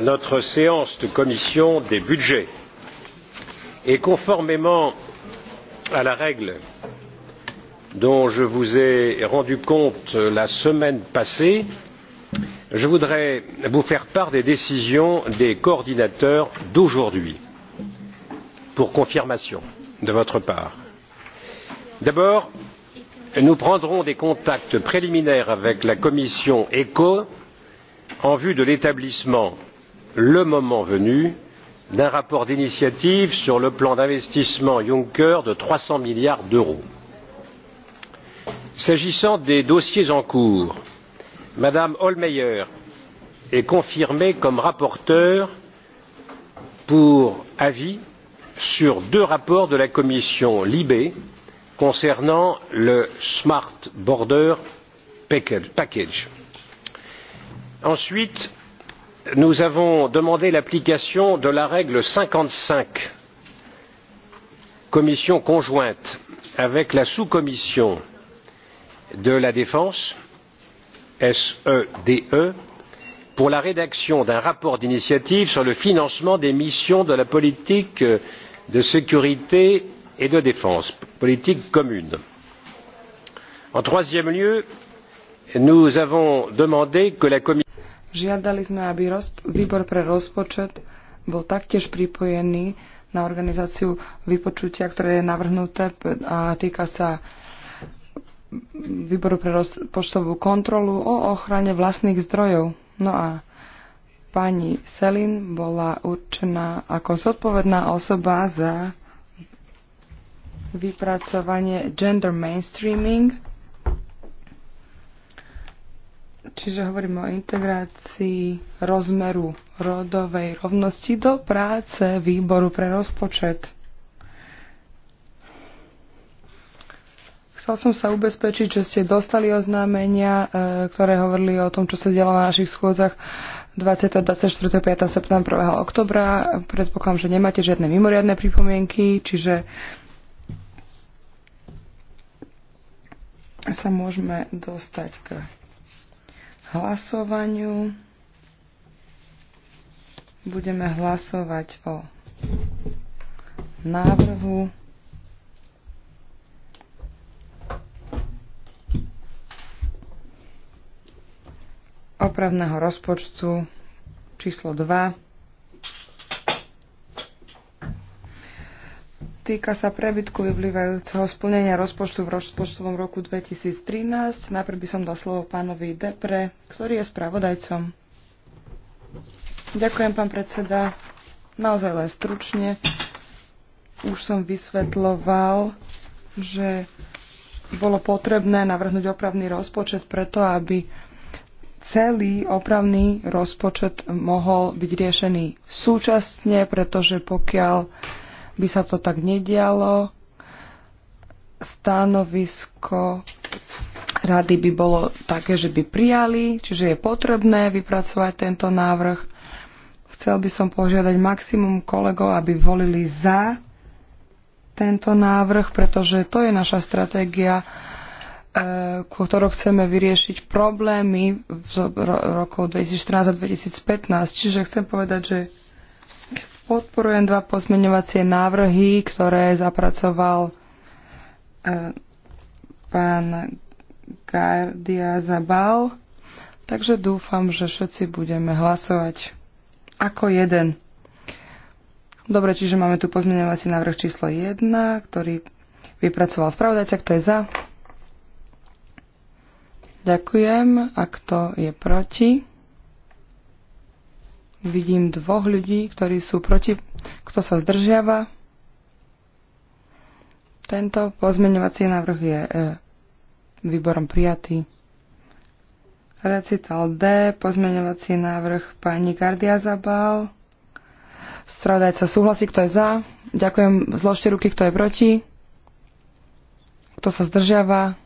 notre séance de commission des budgets et conformément à la règle dont je vous ai rendu compte la semaine passée je voudrais vous faire part des décisions des coordinateurs d'aujourd'hui pour confirmation de votre part. d'abord nous prendrons des contacts préliminaires avec la commission echo en vue de l'établissement le moment venu d'un rapport d'initiative sur le plan d'investissement juncker de trois cents milliards d'euros. s'agissant des dossiers en cours mme hohlmeier est confirmée comme rapporteure pour avis sur deux rapports de la commission libe concernant le smart border package. ensuite nous avons demandé l'application de la règle cinquante cinq commission conjointe avec la sous commission de la défense sede e, pour la rédaction d'un rapport d'initiative sur le financement des missions de la politique de sécurité et de défense politique commune. en troisième lieu nous avons demandé que la commission Žiadali sme, aby výbor pre rozpočet bol taktiež pripojený na organizáciu vypočutia, ktoré je navrhnuté a týka sa výboru pre rozpočtovú kontrolu o ochrane vlastných zdrojov. No a pani Selin bola určená ako zodpovedná osoba za vypracovanie gender mainstreaming Čiže hovoríme o integrácii rozmeru rodovej rovnosti do práce výboru pre rozpočet. Chcel som sa ubezpečiť, že ste dostali oznámenia, e, ktoré hovorili o tom, čo sa dialo na našich schôdzach 20. 24. 5. septembra 1. oktobra. Predpokladám, že nemáte žiadne mimoriadne pripomienky, čiže sa môžeme dostať k hlasovaniu. Budeme hlasovať o návrhu. opravného rozpočtu číslo 2 Týka sa prebytku vyplývajúceho splnenia rozpočtu v rozpočtovom roku 2013. Najprv by som dal slovo pánovi Depre, ktorý je spravodajcom. Ďakujem, pán predseda. Naozaj len stručne. Už som vysvetloval, že bolo potrebné navrhnúť opravný rozpočet preto, aby celý opravný rozpočet mohol byť riešený súčasne, pretože pokiaľ by sa to tak nedialo. Stanovisko rady by bolo také, že by prijali, čiže je potrebné vypracovať tento návrh. Chcel by som požiadať maximum kolegov, aby volili za tento návrh, pretože to je naša stratégia, e, ktorou chceme vyriešiť problémy v rokov 2014 a 2015. Čiže chcem povedať, že Podporujem dva pozmeňovacie návrhy, ktoré zapracoval e, pán Gardia Zabal. Takže dúfam, že všetci budeme hlasovať ako jeden. Dobre, čiže máme tu pozmeňovací návrh číslo 1, ktorý vypracoval spravodajca. Kto je za? Ďakujem. A kto je proti? Vidím dvoch ľudí, ktorí sú proti. Kto sa zdržiava? Tento pozmeňovací návrh je e, výborom prijatý. Recital D, pozmeňovací návrh pani Gardia Zabal. Stradajca súhlasí, kto je za. Ďakujem, zložte ruky, kto je proti. Kto sa zdržiava?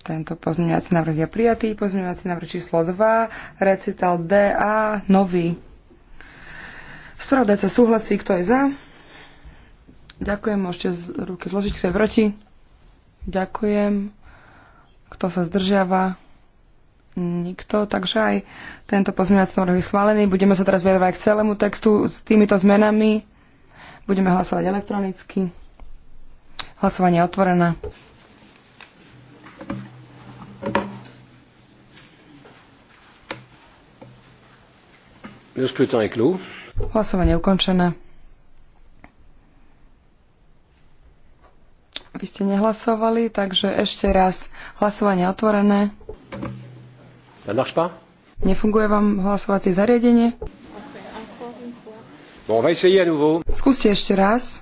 Tento pozmeňovací návrh je prijatý. Pozmeňovací návrh číslo 2, recital DA, nový. Spravodajca súhlasí, kto je za. Ďakujem, môžete z ruky zložiť, kto je proti. Ďakujem. Kto sa zdržiava? Nikto. Takže aj tento pozmeňovací návrh je schválený. Budeme sa teraz vyjadrovať k celému textu s týmito zmenami. Budeme hlasovať elektronicky. Hlasovanie je otvorené. Le scrutin est clos. Hlasovanie ukončené. Vy ste nehlasovali, takže ešte raz hlasovanie otvorené. Nefunguje vám hlasovacie zariadenie? Bon, on va à nouveau. Skúste ešte raz.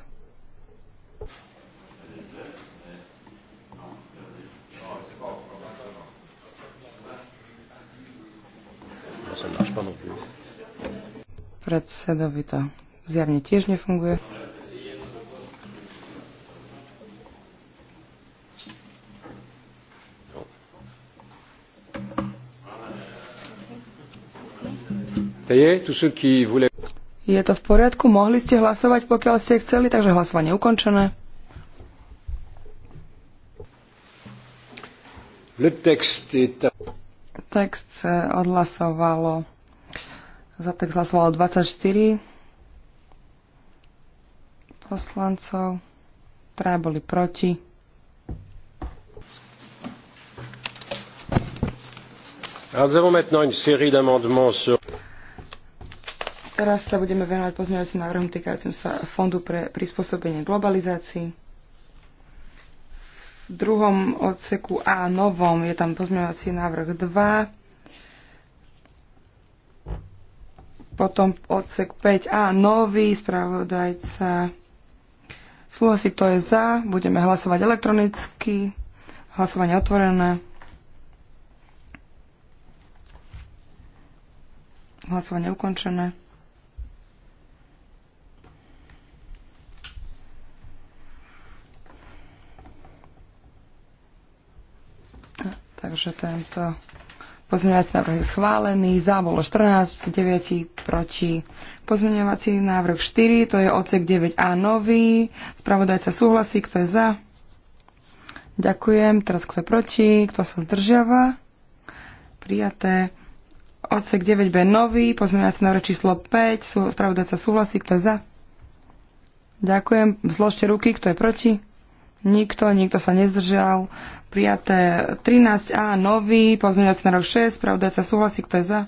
Ça ne marche pas non plus. Predsedovi to zjavne tiež nefunguje. Je to v poriadku? Mohli ste hlasovať, pokiaľ ste chceli, takže hlasovanie ukončené. Text odhlasovalo za text hlasovalo 24 poslancov, traja boli proti. nous avons maintenant une série d'amendements sur Teraz sa budeme venovať pozmeňovacím návrhom týkajúcim sa Fondu pre prispôsobenie globalizácii. V druhom odseku A novom je tam pozmeňovací návrh 2 Potom odsek 5a, nový spravodajca. Súhlasí, kto je za. Budeme hlasovať elektronicky. Hlasovanie otvorené. Hlasovanie ukončené. Takže tento Pozmeňovací návrh je schválený, za bolo 14, 9 proti. Pozmeňovací návrh 4, to je odsek 9a nový. Spravodajca súhlasí, kto je za? Ďakujem. Teraz kto je proti? Kto sa zdržiava? Prijaté. Odsek 9b nový, pozmeňovací návrh číslo 5, spravodajca súhlasí, kto je za? Ďakujem. Zložte ruky, kto je proti? Nikto, nikto sa nezdržal. Prijaté 13a, nový, pozmeňovací na rok 6, sa súhlasí, kto je za?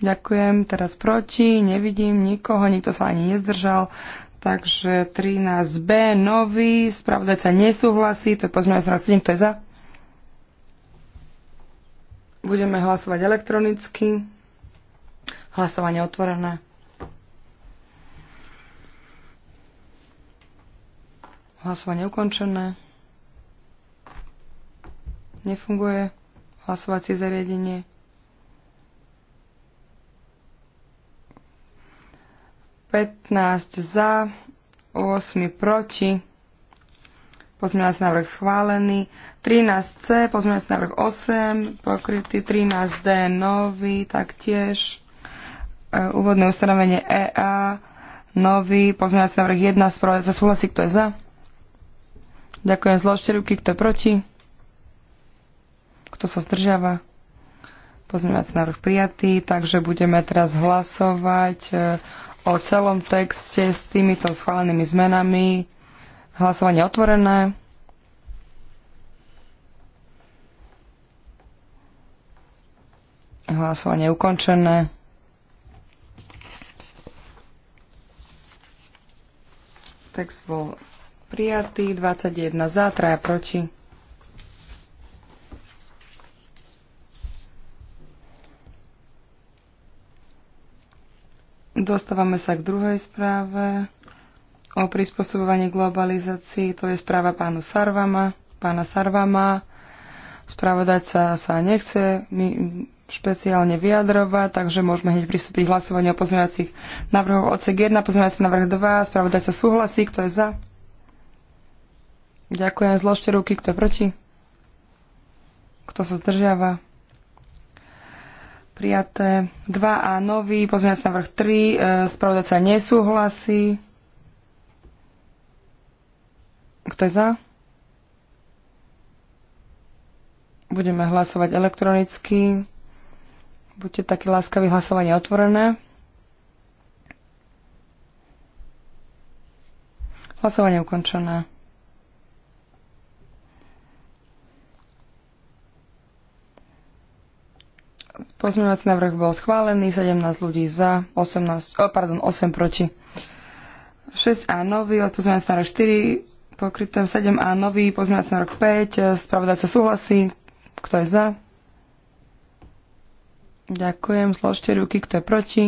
Ďakujem, teraz proti, nevidím nikoho, nikto sa ani nezdržal. Takže 13b, nový, spravodajca nesúhlasí, to je pozmeňovací na rok 7, kto je za? Budeme hlasovať elektronicky. Hlasovanie otvorené. Hlasovanie ukončené. Nefunguje hlasovacie zariadenie. Petnáct za, 8 proti. Pozmeňovací návrh schválený. 13C, pozmeňovací návrh 8, pokrytý 13D, nový, taktiež. E, úvodné ustanovenie EA, nový, pozmeňovací návrh 1, spravodajca súhlasí, kto je za? Ďakujem. Zložte ruky, kto je proti. Kto sa zdržiava? na návrh prijatý, takže budeme teraz hlasovať e, o celom texte s týmito schválenými zmenami. Hlasovanie otvorené. Hlasovanie ukončené. Text bol Prijatý 21 za, traja proti. Dostávame sa k druhej správe o prispôsobovaní globalizácii. To je správa pánu Sarvama, pána Sarvama. Spravodajca sa nechce špeciálne vyjadrovať, takže môžeme hneď pristúpiť k hlasovaniu o pozmeňovacích návrhoch odsek 1, pozmeňovací návrh 2, spravodajca súhlasí, kto je za? Ďakujem. Zložte ruky, kto proti. Kto sa zdržiava? Prijaté 2A nový, na vrch 3, spravodajca nesúhlasí. Kto je za? Budeme hlasovať elektronicky. Buďte takí láskaví, hlasovanie otvorené. Hlasovanie ukončené. Pozmeňovací návrh bol schválený, 17 ľudí za, 18, oh, pardon, 8 proti. 6A nový, pozmeňovací návrh 4, pokryté 7A nový, pozmeňovací návrh 5, spravodajca súhlasí, kto je za? Ďakujem, zložte ruky, kto je proti?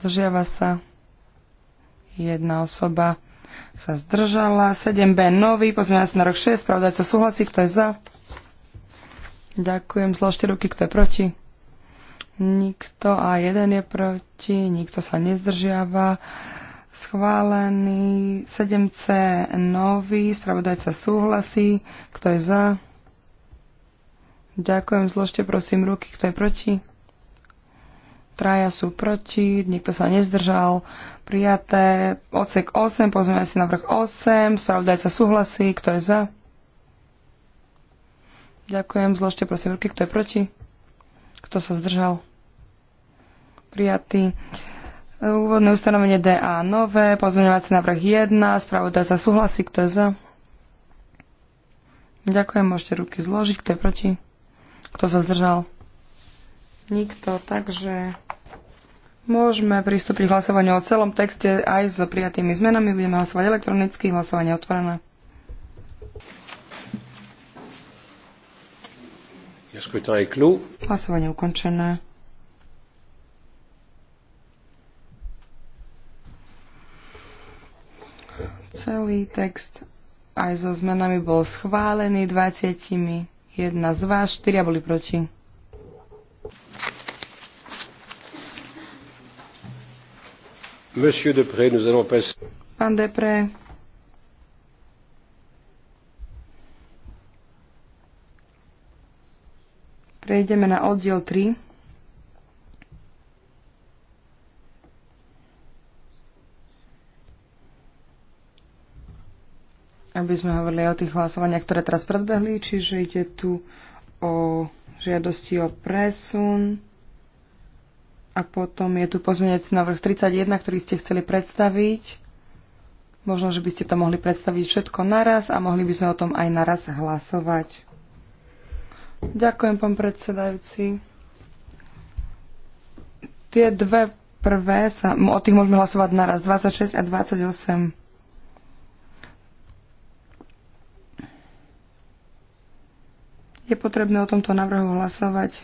Zdržiava sa. Jedna osoba sa zdržala. 7B nový, pozmeňovací rok 6, spravodajca súhlasí, kto je za? Ďakujem, zložte ruky, kto je proti. Nikto a jeden je proti, nikto sa nezdržiava. Schválený 7C nový, spravodajca súhlasí, kto je za. Ďakujem, zložte prosím ruky, kto je proti. Traja sú proti, nikto sa nezdržal. Prijaté odsek 8, pozrieme si na vrch 8, spravodajca súhlasí, kto je za. Ďakujem, zložte prosím ruky, kto je proti, kto sa zdržal. Prijatý. Úvodné ustanovenie DA nové, pozmeňovací návrh 1, spravodajca súhlasí, kto je za. Ďakujem, môžete ruky zložiť, kto je proti, kto sa zdržal. Nikto, takže môžeme pristúpiť k hlasovaniu o celom texte aj s prijatými zmenami. Budeme hlasovať elektronicky, hlasovanie otvorené. Hlasovanie ukončené. Celý text aj so zmenami bol schválený 20. Jedna z vás, štyria boli proti. Monsieur Depré, nous allons passer... Pán Depré, Prejdeme na oddiel 3. Aby sme hovorili o tých hlasovaniach, ktoré teraz predbehli, čiže ide tu o žiadosti o presun. A potom je tu pozmeňujúci návrh 31, ktorý ste chceli predstaviť. Možno, že by ste to mohli predstaviť všetko naraz a mohli by sme o tom aj naraz hlasovať. Ďakujem, pán predsedajúci. Tie dve prvé sa, o tých môžeme hlasovať naraz, 26 a 28. Je potrebné o tomto návrhu hlasovať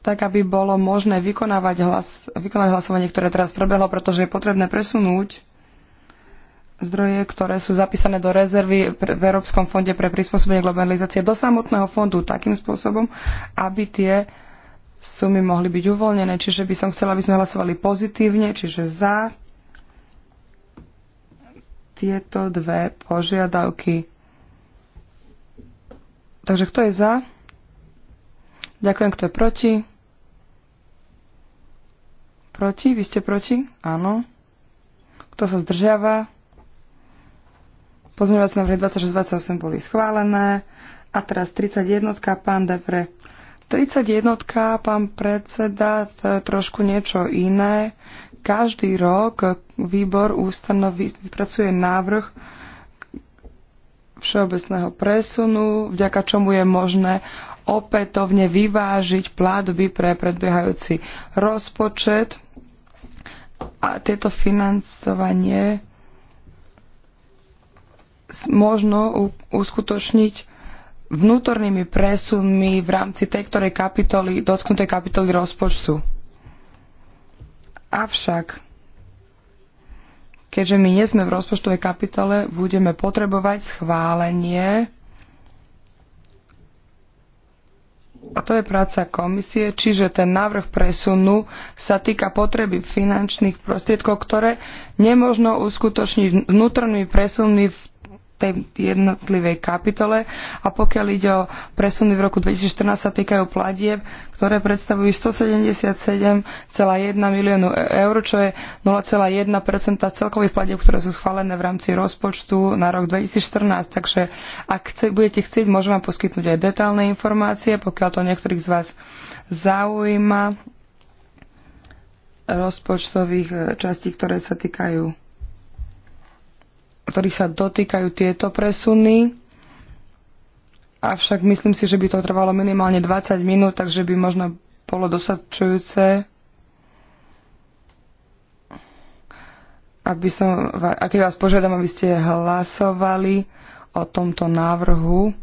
tak, aby bolo možné vykonávať, hlas, vykonávať hlasovanie, ktoré teraz prebehlo, pretože je potrebné presunúť zdroje, ktoré sú zapísané do rezervy v Európskom fonde pre prispôsobenie globalizácie do samotného fondu takým spôsobom, aby tie sumy mohli byť uvoľnené. Čiže by som chcela, aby sme hlasovali pozitívne, čiže za tieto dve požiadavky. Takže kto je za? Ďakujem, kto je proti? Proti? Vy ste proti? Áno. Kto sa zdržiava? Pozmeňovací návrhy 26, 28 boli schválené. A teraz 31, pán Depre. 31, pán predseda, to je trošku niečo iné. Každý rok výbor ústanoví, vypracuje návrh všeobecného presunu, vďaka čomu je možné opätovne vyvážiť platby pre predbiehajúci rozpočet a tieto financovanie možno uskutočniť vnútornými presunmi v rámci tej ktorej kapitoly, dotknutej kapitoly rozpočtu. Avšak, keďže my nie sme v rozpočtovej kapitole, budeme potrebovať schválenie a to je práca komisie, čiže ten návrh presunu sa týka potreby finančných prostriedkov, ktoré nemožno uskutočniť vnútornými presunmi v tej jednotlivej kapitole a pokiaľ ide o presuny v roku 2014 sa týkajú platieb, ktoré predstavujú 177,1 miliónu e- eur, čo je 0,1 celkových platieb, ktoré sú schválené v rámci rozpočtu na rok 2014. Takže ak chce, budete chcieť, môžem vám poskytnúť aj detálne informácie, pokiaľ to niektorých z vás zaujíma rozpočtových e, častí, ktoré sa týkajú ktorých sa dotýkajú tieto presuny. Avšak myslím si, že by to trvalo minimálne 20 minút, takže by možno bolo dostačujúce, aby som, aký vás požiadam, aby ste hlasovali o tomto návrhu.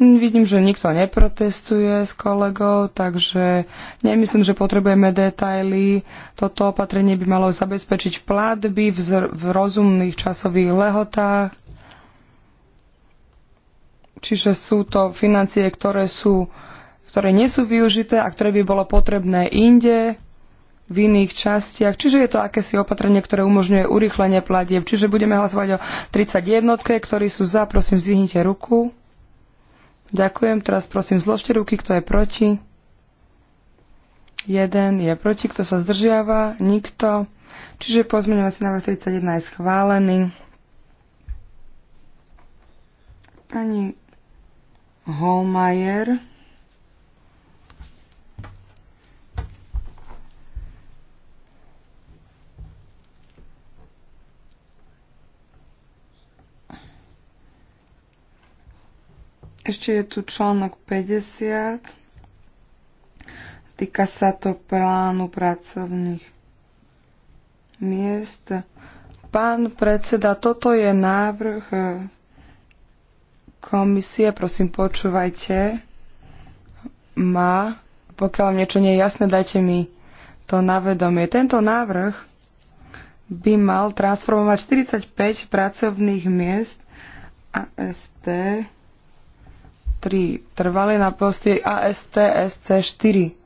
Vidím, že nikto neprotestuje s kolegou, takže nemyslím, že potrebujeme detaily. Toto opatrenie by malo zabezpečiť platby v, v rozumných časových lehotách. Čiže sú to financie, ktoré, sú, ktoré nie sú využité a ktoré by bolo potrebné inde v iných častiach. Čiže je to akési opatrenie, ktoré umožňuje urýchlenie platieb. Čiže budeme hlasovať o 31, ktorí sú za, prosím, zvihnite ruku. Ďakujem. Teraz prosím zložte ruky, kto je proti. Jeden je proti, kto sa zdržiava. Nikto. Čiže pozmeňovací návrh 31 je schválený. Pani Holmajer Ešte je tu článok 50. Týka sa to plánu pracovných miest. Pán predseda, toto je návrh e, komisie, prosím, počúvajte. ma, pokiaľ vám niečo nie je jasné, dajte mi to na vedomie. Tento návrh by mal transformovať 45 pracovných miest AST 3 trvalé na poste AST SC4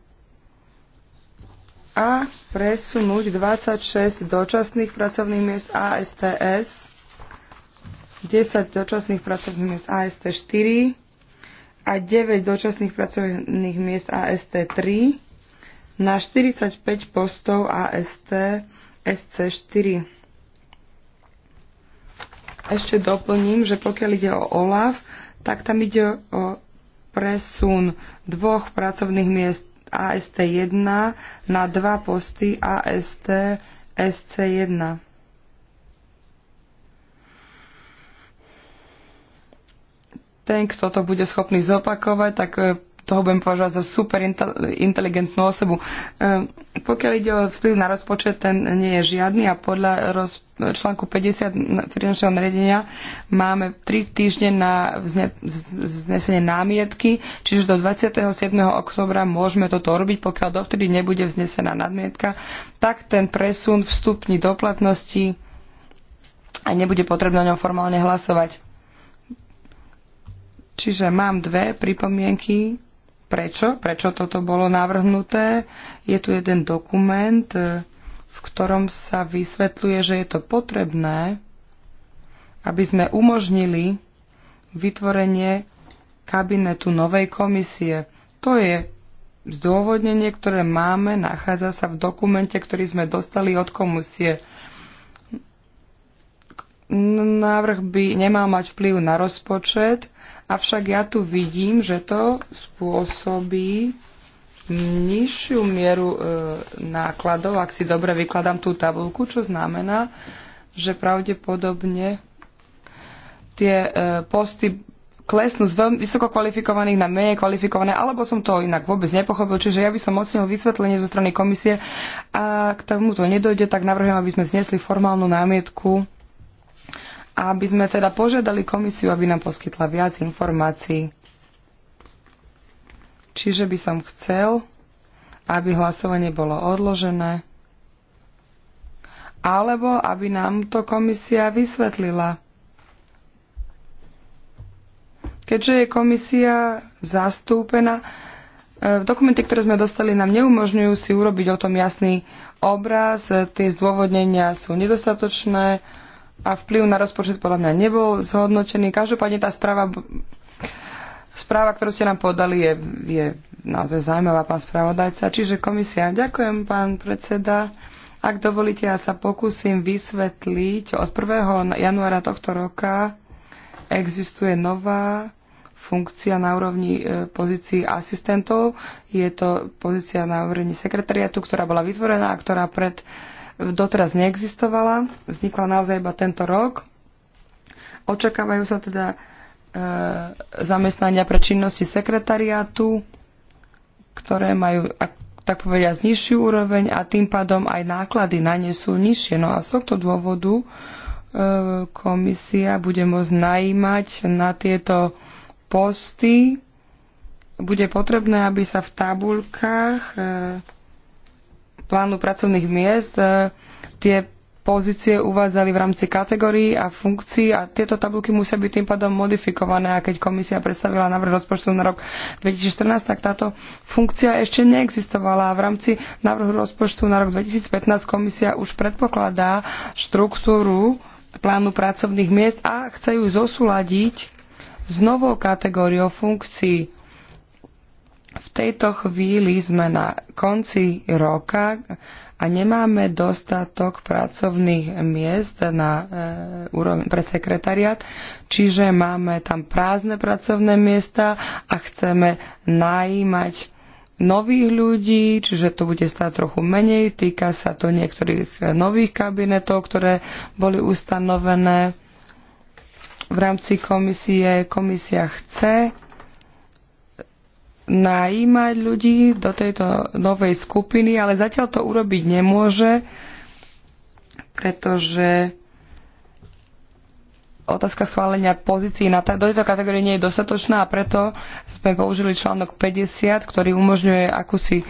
a presunúť 26 dočasných pracovných miest ASTS, 10 dočasných pracovných miest AST4 a 9 dočasných pracovných miest AST3 na 45 postov AST SC4. Ešte doplním, že pokiaľ ide o OLAF, tak tam ide o presun dvoch pracovných miest AST1 na dva posty AST SC1. Ten, kto to bude schopný zopakovať, tak eh, toho budem považovať za super inteligentnú osobu. Ehm, pokiaľ ide o vplyv na rozpočet, ten nie je žiadny a podľa roz, článku 50 finančného nariadenia máme 3 týždne na vzne, vznesenie námietky, čiže do 27. oktobra môžeme toto robiť, pokiaľ dovtedy nebude vznesená námietka, tak ten presun vstupní do platnosti a nebude potrebné o ňom formálne hlasovať. Čiže mám dve pripomienky Prečo? Prečo toto bolo navrhnuté? Je tu jeden dokument, e, v ktorom sa vysvetľuje, že je to potrebné, aby sme umožnili vytvorenie kabinetu novej komisie. To je zdôvodnenie, ktoré máme, nachádza sa v dokumente, ktorý sme dostali od komisie návrh by nemal mať vplyv na rozpočet, avšak ja tu vidím, že to spôsobí nižšiu mieru e, nákladov, ak si dobre vykladám tú tabulku, čo znamená, že pravdepodobne tie e, posty klesnú z veľmi vysoko kvalifikovaných na menej kvalifikované, alebo som to inak vôbec nepochopil, čiže ja by som ocenil vysvetlenie zo strany komisie a k to nedojde, tak navrhujem, aby sme znesli formálnu námietku aby sme teda požiadali komisiu, aby nám poskytla viac informácií. Čiže by som chcel, aby hlasovanie bolo odložené, alebo aby nám to komisia vysvetlila. Keďže je komisia zastúpená, e, dokumenty, ktoré sme dostali, nám neumožňujú si urobiť o tom jasný obraz, e, tie zdôvodnenia sú nedostatočné, a vplyv na rozpočet podľa mňa nebol zhodnotený. Každopádne tá správa, správa ktorú ste nám podali, je, je naozaj zaujímavá, pán spravodajca. Čiže komisia, ďakujem, pán predseda. Ak dovolíte, ja sa pokúsim vysvetliť. Od 1. januára tohto roka existuje nová funkcia na úrovni e, pozícií asistentov. Je to pozícia na úrovni sekretariatu, ktorá bola vytvorená a ktorá pred doteraz neexistovala, vznikla naozaj iba tento rok. Očakávajú sa teda e, zamestnania pre činnosti sekretariátu, ktoré majú, tak povediať, nižšiu úroveň a tým pádom aj náklady na ne sú nižšie. No a z tohto dôvodu e, komisia bude môcť najímať na tieto posty. Bude potrebné, aby sa v tabulkách e, plánu pracovných miest. E, tie pozície uvádzali v rámci kategórií a funkcií a tieto tabulky musia byť tým pádom modifikované a keď komisia predstavila návrh rozpočtu na rok 2014, tak táto funkcia ešte neexistovala a v rámci návrhu rozpočtu na rok 2015 komisia už predpokladá štruktúru plánu pracovných miest a chce ju zosúladiť s novou kategóriou funkcií tejto chvíli sme na konci roka a nemáme dostatok pracovných miest na eh, úroveň pre sekretariat, čiže máme tam prázdne pracovné miesta a chceme najímať nových ľudí, čiže to bude stať trochu menej. Týka sa to niektorých eh, nových kabinetov, ktoré boli ustanovené v rámci komisie. Komisia chce najímať ľudí do tejto novej skupiny, ale zatiaľ to urobiť nemôže, pretože otázka schválenia pozícií na do tejto kategórie nie je dostatočná a preto sme použili článok 50, ktorý umožňuje akúsi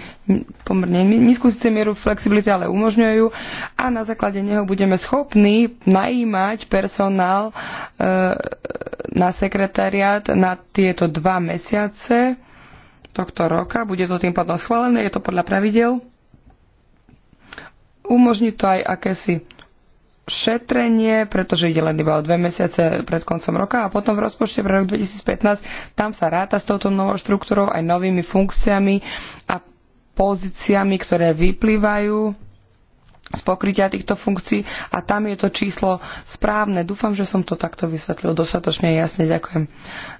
pomerne nízku síce mieru flexibility, ale umožňuje ju a na základe neho budeme schopní najímať personál e, na sekretariat na tieto dva mesiace tohto roka. Bude to tým potom schválené, je to podľa pravidel. Umožní to aj akési šetrenie, pretože ide len iba o dve mesiace pred koncom roka a potom v rozpočte pre rok 2015 tam sa ráta s touto novou štruktúrou aj novými funkciami a pozíciami, ktoré vyplývajú z pokrytia týchto funkcií a tam je to číslo správne. Dúfam, že som to takto vysvetlil dostatočne jasne. Ďakujem.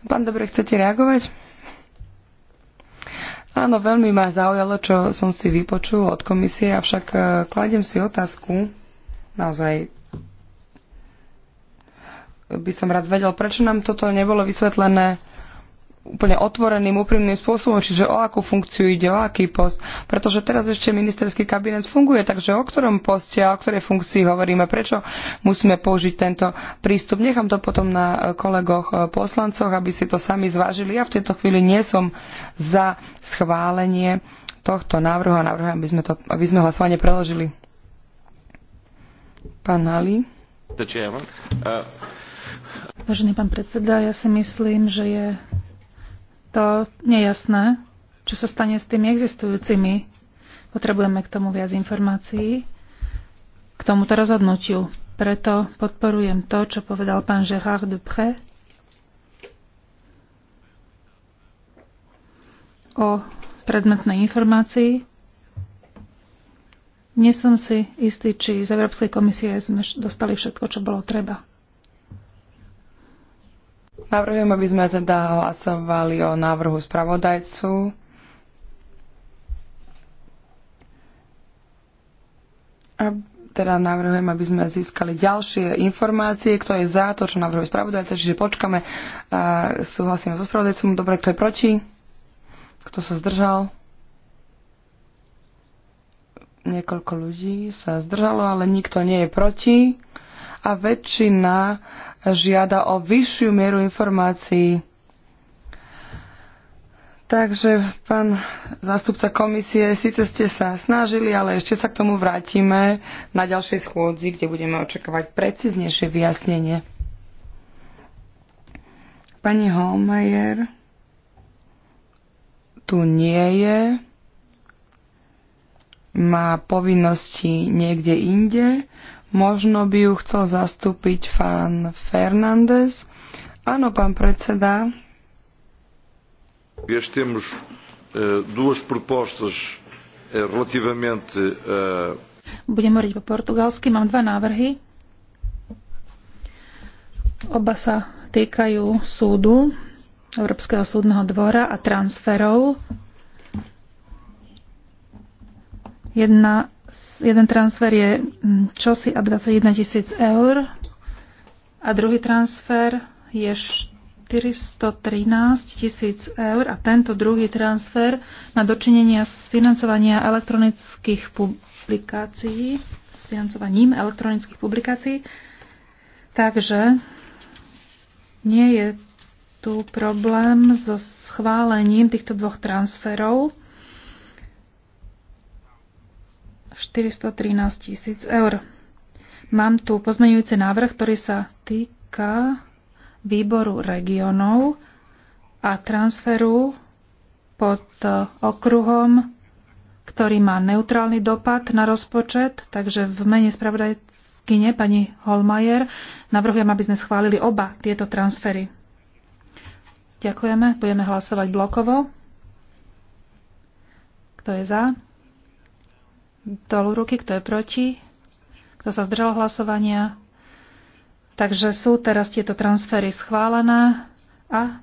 Pán Dobre, chcete reagovať? Áno, veľmi ma zaujalo, čo som si vypočul od komisie, avšak e, kladem si otázku, naozaj by som rád vedel, prečo nám toto nebolo vysvetlené úplne otvoreným, úprimným spôsobom, čiže o akú funkciu ide, o aký post. Pretože teraz ešte ministerský kabinet funguje, takže o ktorom poste a o ktorej funkcii hovoríme, prečo musíme použiť tento prístup. Nechám to potom na eh, kolegoch eh, poslancoch, aby si to sami zvážili. Ja v tejto chvíli nie som za schválenie tohto návrhu a návrhu, aby sme, to, aby sme hlasovanie preložili. Pán Ali. Uh, Vážený pán predseda, ja si myslím, že je to nejasné, čo sa stane s tými existujúcimi. Potrebujeme k tomu viac informácií, k tomuto rozhodnutiu. Preto podporujem to, čo povedal pán Gérard Dupré o predmetnej informácii. Nie som si istý, či z Európskej komisie sme dostali všetko, čo bolo treba. Navrhujem, aby sme teda hlasovali o návrhu spravodajcu. A teda navrhujem, aby sme získali ďalšie informácie, kto je za to, čo navrhuje spravodajca, čiže počkame, a súhlasíme so spravodajcom, dobre, kto je proti, kto sa zdržal. Niekoľko ľudí sa zdržalo, ale nikto nie je proti a väčšina žiada o vyššiu mieru informácií. Takže, pán zástupca komisie, síce ste sa snažili, ale ešte sa k tomu vrátime na ďalšej schôdzi, kde budeme očakávať preciznejšie vyjasnenie. Pani Holmajer tu nie je, má povinnosti niekde inde, Možno by ju chcel zastúpiť pán Fernández. Áno, pán predseda. Este temos eh, duas propostas eh, relativamente... Uh... Budem hovoriť po portugalsky, mám dva návrhy. Oba sa týkajú súdu, Európskeho súdneho dvora a transferov. Jedna jeden transfer je mm, čosi a 21 tisíc eur a druhý transfer je 413 tisíc eur a tento druhý transfer má dočinenia z financovania elektronických publikácií, s financovaním elektronických publikácií. Takže nie je tu problém so schválením týchto dvoch transferov. 413 tisíc eur. Mám tu pozmeňujúci návrh, ktorý sa týka výboru regionov a transferu pod okruhom, ktorý má neutrálny dopad na rozpočet, takže v mene spravodajkyne pani Holmajer navrhujem, aby sme schválili oba tieto transfery. Ďakujeme. Budeme hlasovať blokovo. Kto je za? dolu ruky, kto je proti, kto sa zdržal hlasovania. Takže sú teraz tieto transfery schválené a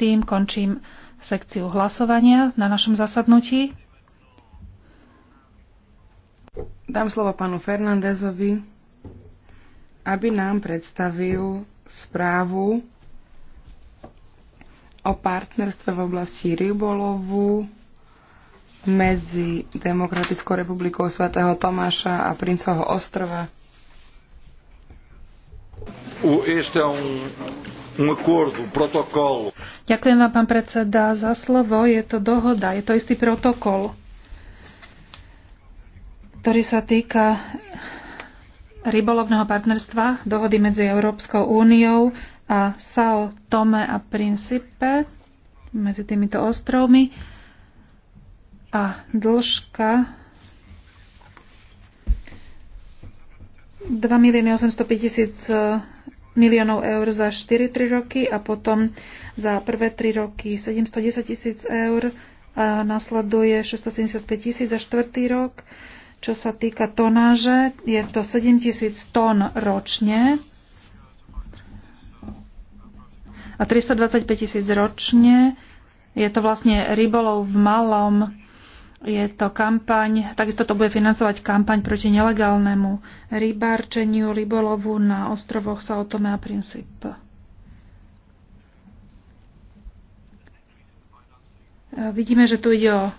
tým končím sekciu hlasovania na našom zasadnutí. Dám slovo panu Fernandezovi, aby nám predstavil správu o partnerstve v oblasti rybolovu medzi Demokratickou republikou svätého Tomáša a Princovho ostrova. Ďakujem vám, pán predseda, za slovo. Je to dohoda, je to istý protokol, ktorý sa týka rybolovného partnerstva, dohody medzi Európskou úniou a Sao Tome a Principe medzi týmito ostrovmi a dĺžka 2 milióny 805 e, miliónov eur za 4-3 roky a potom za prvé 3 roky 710 tisíc eur a nasleduje 675 tisíc za 4. rok. Čo sa týka tonáže, je to 7 tisíc tón ročne a 325 tisíc ročne. Je to vlastne rybolov v malom je to kampaň, takisto to bude financovať kampaň proti nelegálnemu rybárčeniu, rybolovu na ostrovoch Sao Tome a Princip. Vidíme, že tu ide o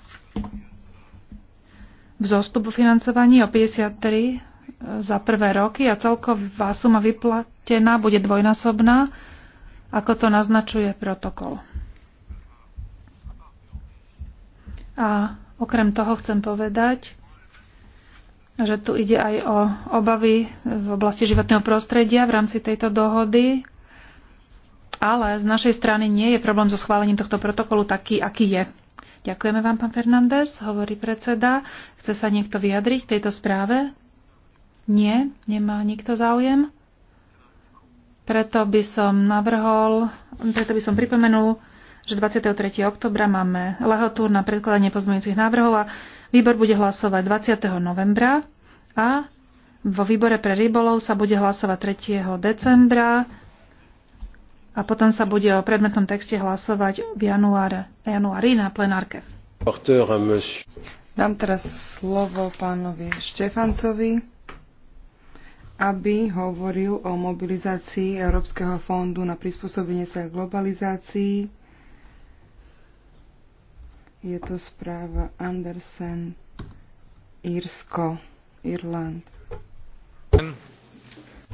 vzostup financovaní o 53 za prvé roky a celková suma vyplatená bude dvojnásobná, ako to naznačuje protokol. A Okrem toho chcem povedať, že tu ide aj o obavy v oblasti životného prostredia v rámci tejto dohody, ale z našej strany nie je problém so schválením tohto protokolu taký, aký je. Ďakujeme vám, pán Fernández, hovorí predseda. Chce sa niekto vyjadriť k tejto správe? Nie, nemá nikto záujem. Preto by som navrhol, preto by som pripomenul, že 23. oktobra máme lehotu na predkladanie pozmeňujúcich návrhov a výbor bude hlasovať 20. novembra a vo výbore pre rybolov sa bude hlasovať 3. decembra a potom sa bude o predmetnom texte hlasovať v januári na plenárke. Dám teraz slovo pánovi Štefancovi, aby hovoril o mobilizácii Európskeho fondu na prispôsobenie sa globalizácii je to správa Andersen, Írsko, Irland.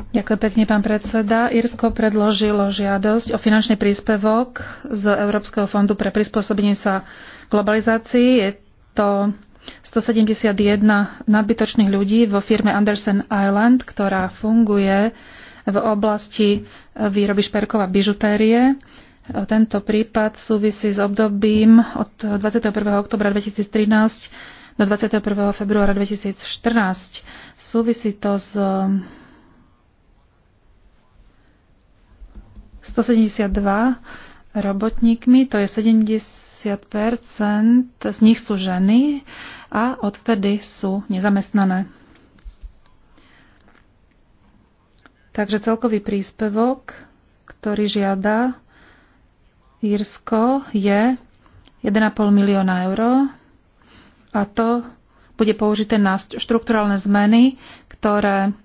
Ďakujem pekne, pán predseda. Írsko predložilo žiadosť o finančný príspevok z Európskeho fondu pre prispôsobenie sa globalizácii. Je to 171 nadbytočných ľudí vo firme Andersen Island, ktorá funguje v oblasti výroby šperkov a bižutérie tento prípad súvisí s obdobím od 21. oktobra 2013 do 21. februára 2014. Súvisí to s 172 robotníkmi, to je 70 z nich sú ženy a odvtedy sú nezamestnané. Takže celkový príspevok, ktorý žiada Írsko je 1,5 milióna eur a to bude použité na štrukturálne zmeny, ktoré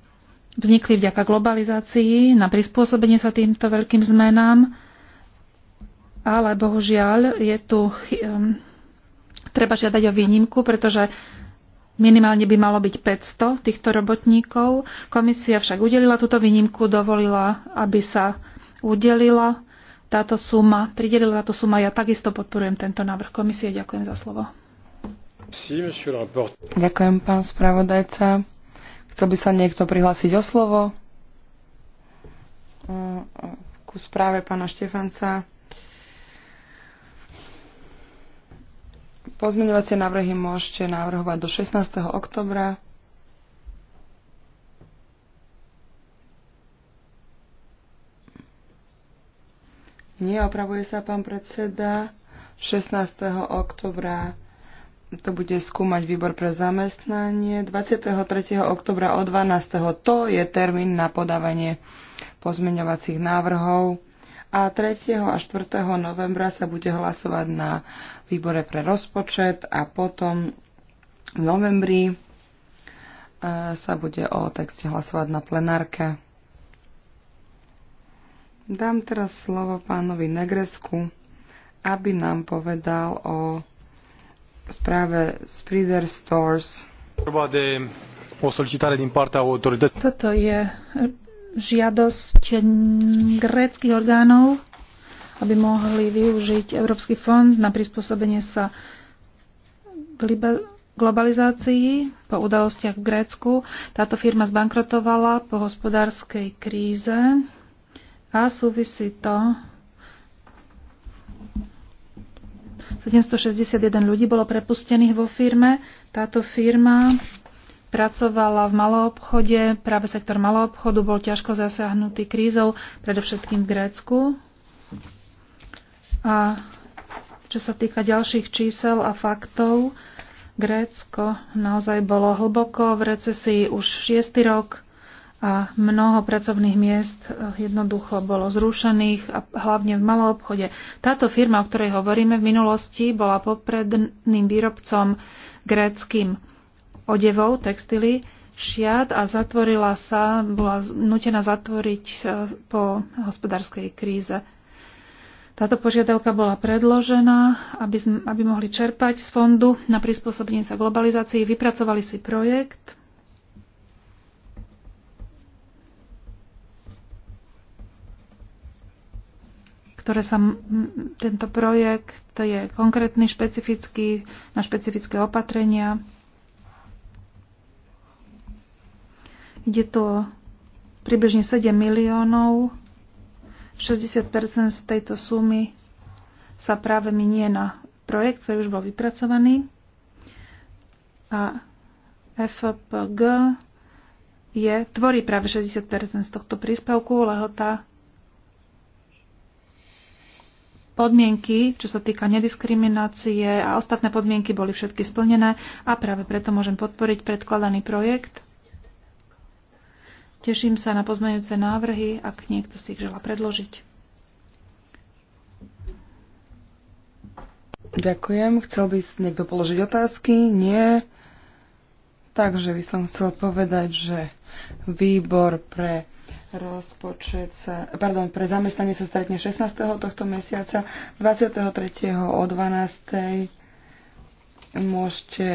vznikli vďaka globalizácii, na prispôsobenie sa týmto veľkým zmenám, ale bohužiaľ je tu treba žiadať o výnimku, pretože minimálne by malo byť 500 týchto robotníkov. Komisia však udelila túto výnimku, dovolila, aby sa udelila táto suma, pridelila táto suma. Ja takisto podporujem tento návrh komisie. Ďakujem za slovo. Ďakujem, pán spravodajca. Chcel by sa niekto prihlásiť o slovo? Ku správe pána Štefanca. Pozmeňovacie návrhy môžete navrhovať do 16. oktobra Neopravuje sa pán predseda. 16. oktobra to bude skúmať výbor pre zamestnanie. 23. oktobra o 12. to je termín na podávanie pozmeňovacích návrhov. A 3. a 4. novembra sa bude hlasovať na výbore pre rozpočet a potom v novembri e, sa bude o texte hlasovať na plenárke. Dám teraz slovo pánovi Negresku, aby nám povedal o správe Spreader Stores. Toto je žiadosť gréckých orgánov, aby mohli využiť Európsky fond na prispôsobenie sa globalizácii po udalostiach v Grécku. Táto firma zbankrotovala po hospodárskej kríze a súvisí to 761 ľudí bolo prepustených vo firme. Táto firma pracovala v maloobchode, práve sektor maloobchodu bol ťažko zasiahnutý krízou, predovšetkým v Grécku. A čo sa týka ďalších čísel a faktov, Grécko naozaj bolo hlboko v recesii už 6. rok a mnoho pracovných miest eh, jednoducho bolo zrušených, a hlavne v malom obchode. Táto firma, o ktorej hovoríme v minulosti, bola popredným výrobcom gréckým odevov, textily, šiat a zatvorila sa, bola nutená zatvoriť eh, po hospodárskej kríze. Táto požiadavka bola predložená, aby, aby mohli čerpať z fondu na prispôsobenie sa globalizácii. Vypracovali si projekt, ktoré sa... Tento projekt je konkrétny, špecifický, na špecifické opatrenia. Ide to približne 7 miliónov. 60% z tejto sumy sa práve minie na projekt, ktorý už bol vypracovaný. A FPG je, tvorí práve 60% z tohto príspevku, lehota podmienky, čo sa týka nediskriminácie a ostatné podmienky boli všetky splnené a práve preto môžem podporiť predkladaný projekt. Teším sa na pozmeňujúce návrhy, ak niekto si ich žela predložiť. Ďakujem. Chcel by si niekto položiť otázky? Nie. Takže by som chcel povedať, že výbor pre rozpočet sa, pardon, pre zamestnanie sa stretne 16. tohto mesiaca, 23. o 12. môžete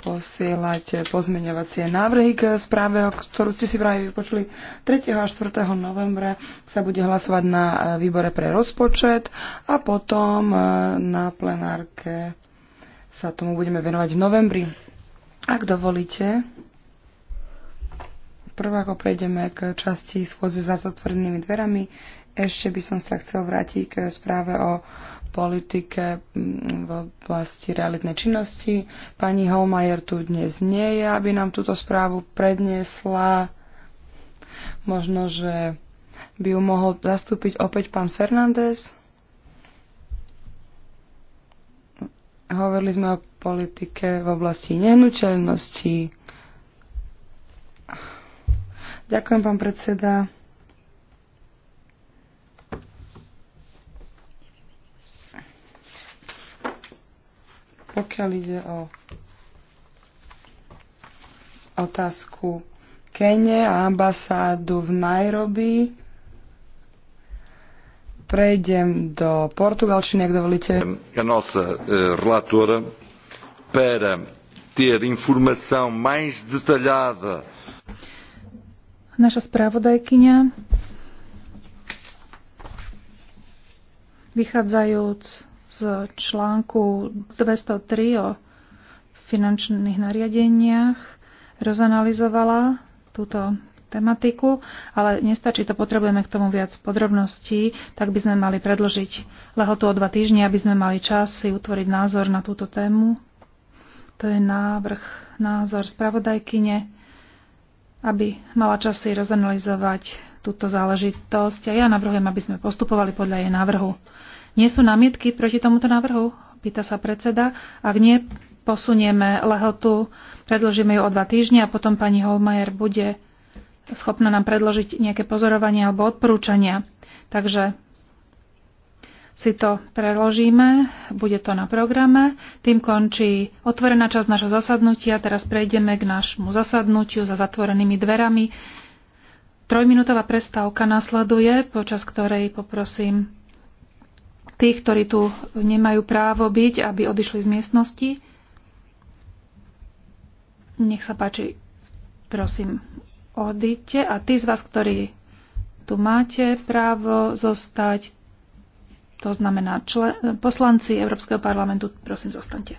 posielať pozmeňovacie návrhy k správe, o ktorú ste si práve vypočuli 3. a 4. novembra sa bude hlasovať na výbore pre rozpočet a potom e, na plenárke sa tomu budeme venovať v novembri. Ak dovolíte, Prv ako prejdeme k časti schôdze za zatvorenými dverami, ešte by som sa chcel vrátiť k správe o politike mm, v oblasti realitnej činnosti. Pani Holmajer tu dnes nie je, aby nám túto správu predniesla. Možno, že by ju mohol zastúpiť opäť pán Fernández. Hovorili sme o politike v oblasti nehnuteľnosti. Ďakujem, pán predseda. Pokiaľ ide o otázku Kene a ambasádu v Nairobi, prejdem do portugalčiny, ak dovolíte. A nossa eh, relatora para ter informação mais detalhada Naša spravodajkyňa vychádzajúc z článku 203 o finančných nariadeniach, rozanalizovala túto tematiku, ale nestačí to, potrebujeme k tomu viac podrobností, tak by sme mali predložiť lehotu o dva týždne, aby sme mali čas si utvoriť názor na túto tému. To je návrh, názor spravodajkyne aby mala čas si rozanalizovať túto záležitosť. A ja navrhujem, aby sme postupovali podľa jej návrhu. Nie sú námietky proti tomuto návrhu? Pýta sa predseda. Ak nie, posunieme lehotu, predložíme ju o dva týždne a potom pani Holmajer bude schopná nám predložiť nejaké pozorovanie alebo odporúčania. Takže si to preložíme, bude to na programe. Tým končí otvorená časť našho zasadnutia. Teraz prejdeme k nášmu zasadnutiu za zatvorenými dverami. Trojminútová prestávka nasleduje, počas ktorej poprosím tých, ktorí tu nemajú právo byť, aby odišli z miestnosti. Nech sa páči, prosím, odíďte. A tí z vás, ktorí tu máte právo zostať, to znamená, člen, poslanci Európskeho parlamentu, prosím, zostaňte.